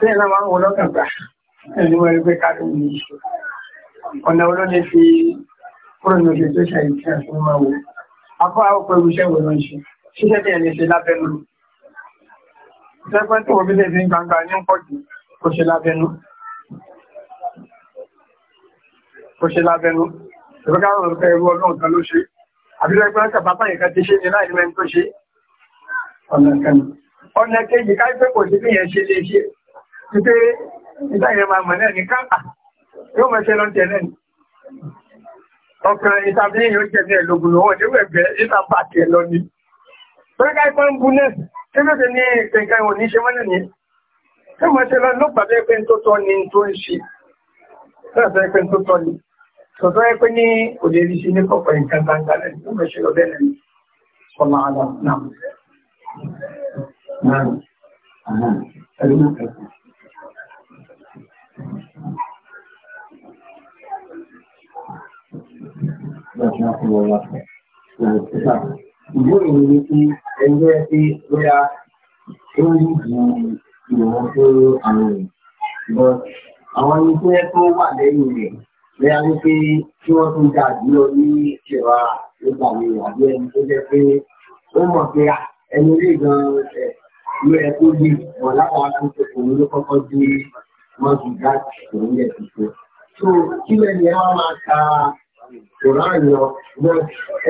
tí ẹ̀nà máa ń wọ lọ́kàn gbà ẹni wọ́n rí pé káàdì ní ìṣù ọ̀nà olóde fi kúrò ní oṣù tó ṣàyè tí a fi máa wò akọ àwọn pẹ̀lú iṣẹ́ wo ló ń ṣe ṣíṣẹ́ tí ẹni ṣe lábẹ́nu ìṣẹ́pẹ́ tó wọ́n fi lè fi gbangba ní pọ̀ jù kó ṣe lábẹ́nu kó ṣe lábẹ́nu ìfẹ́ káwọn ọ̀rọ̀ ẹrú ọlọ́run kan ló ṣe àbílẹ̀gbọ́n kàbápá ìkan ti ṣe ní láìlẹ́mẹ́ tó ṣe ọ̀nà kan ọ̀nà kejì káyí pé kò sí bí yẹn ṣe lè ṣe ní pé ìtàyẹ̀ máa mọ̀ náà ní káàkà ah, yóò mọ̀ ṣe lọ́n tẹ̀lẹ̀ ní ọkàn ìtàbí yóò jẹ́ ní ẹ̀lógún lọ́wọ́ ní wẹ̀gbẹ́ ìtàbà tẹ̀ lọ ní pẹ́lẹ́ká ipá ń bu náà tí ó ṣe ní ìpẹ̀ǹkà ìwọ̀n ní ṣe mọ́ náà ní yóò mọ̀ ṣe lọ ló gbàgbé pé tó tọ́ ni tó ń ṣe lọ́sọ̀ pé tó tọ́ ni tọ́tọ́ pé ní kò lè rí ní láti máa fi wọ́n wá. Ìgbóni mi ni kí ẹgbẹ́ pé bóyá ó rí ju ìwọ̀n fún àwọn èèyàn. But àwọn ẹni tó yẹ kó wà lẹ́yìn rẹ̀ bóyá ní pé kí wọ́n tún dà jùlọ ní ìṣèwà nípa mi àbí ẹni tó jẹ́ pé ó mọ̀ pé ẹni lè gan-an ẹ̀ ló yẹ kó lè wọ̀ láwọn aláǹtẹ̀ kò ní ló kọ́kọ́ dé mọ́tò dáàbò ìṣòro yẹn tuntun. So kí lẹ́yìn ẹ wá máa ta Quran lọ lọ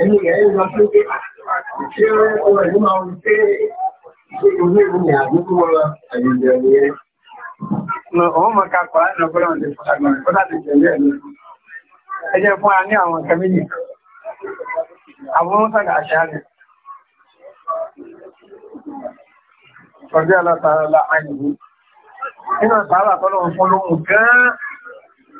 ẹni ẹ̀ lọ sí pé ṣé ọ̀rọ̀ yìí máa ń pé ṣé ìwé ni àdúgbò wọn lọ àyèjẹ nìyẹn. Òun mọ̀ ká pàá ẹ̀nà bọ́lá ọ̀dẹ̀ fún àgbà ti tẹ̀lé Ẹ jẹ́ fún wa ní àwọn nǹkan méjì. Àwọn sàgà àṣà rẹ̀. Ọjọ́ alátara la àyìnbó. Nínú àtàrà tọ́lọ́ fún gan-an.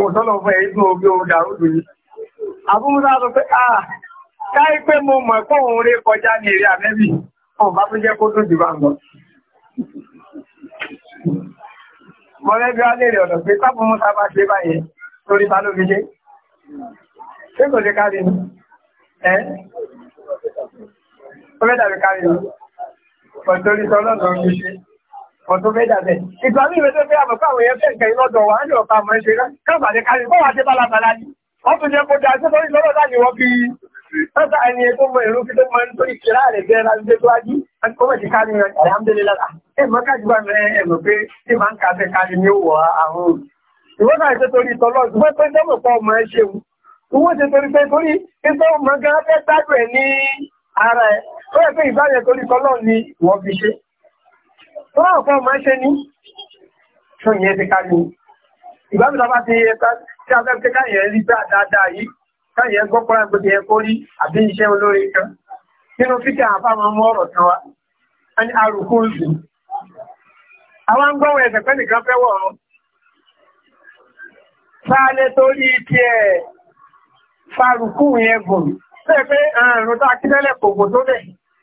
Òtọ́lọ̀ fún ẹ̀yìn omi orí àrúdù ní. Àbúrúdá sọ pé, "Ah, káí pé mo mọ̀ pé òun rí kọjá ní eré àmẹ́bì, ọ̀n bá tó jẹ́ kó tó dìbà lọ." Mọ̀lẹ́bí á lèrè ọ̀nà pé sábùn mú sábà ṣe báyẹn torí ta ló fi ṣe ọ̀tún fẹ́ dàbẹ̀. Ìgbà mí ìwé tó fẹ́ àmọ́ káwọn èèyàn fẹ́ nǹkan ìlọ́dọ̀ wà ní ọ̀pá àmọ́ ìṣe káàbàdé kárí bọ́ wà sí bálabàlá ni. Wọ́n jẹ́ kó da sí lórí lọ́rọ̀ láti wọ́n fi tọ́ta ẹni tó mọ ìlú tó mọ ní tó ìṣẹ́lá rẹ̀ bẹ́ẹ̀ láti ní òwò àwọn ìwọ́n náà ṣe tó rà ọ̀pọ̀ máa ṣe ní ṣò yẹn ti kárí ìgbàmìta bá ti yẹ tí a fẹ́ pé káyẹ̀ rí bá dáadáa yìí káyẹ̀ gbọ́pọ̀lá gbogbo yẹ kó rí àbí iṣẹ́ olóore kan nínú fíkẹ́ àfáàmọ́ mú ọ̀rọ̀ kan wá a ní arùkú oṣù àwọn ń gbọ́wọ̀ ẹ̀sẹ̀ pẹ́ nìkan fẹ́ wọ̀ ọ́n sáálẹ̀ tó rí ti ẹ̀ farùkú yẹn gùn fẹ́ pé àrùn tó akílẹ̀lẹ̀ kògbò tó bẹ̀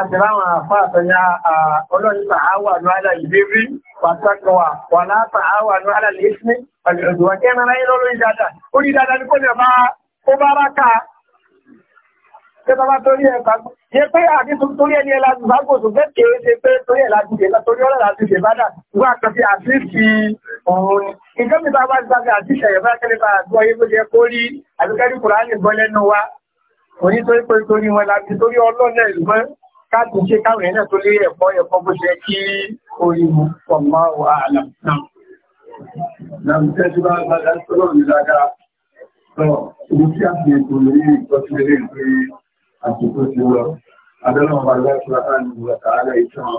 àtìráwọn àfá àtọ́yá ọlọ́yìnbà àwà ní àlà ìlérí pàtàkọwà wà látà àwà ní àlà lẹ́sìn ọ̀dọ̀dọ̀wà kí ẹran ráyé lọ́lọ́ ìdáadáa ó rí dáadáa ní kọ́nà bá ó bá rá ká ṣe bá bá torí ẹ̀ bá yẹ pé àti torí ẹni ẹlá ti sáàgbò tó fẹ́ kéé ṣe pé torí ẹ̀lá ti ṣe torí ọ̀rọ̀ láti ṣe bádà wọ́n àkànfi àti ni nǹkan mi bá bá ti wa òní torí pé torí káàdì ṣe káwọn ẹ̀nà tó lé ẹ̀kọ́ ẹ̀kọ́ bó ṣe kí orí mú pọ̀mọ́ wà àlàm náà. Nà ń tẹ́jú bá gbádá sọ́rọ̀ ní lágára. Sọ, ibi tí a fi ètò lórí ìtọ́sílẹ̀ pé àsìkò ti lọ, adọ́nà ọba lọ́sọ̀rọ̀ àánú ọ̀tà àárẹ̀ ìtàn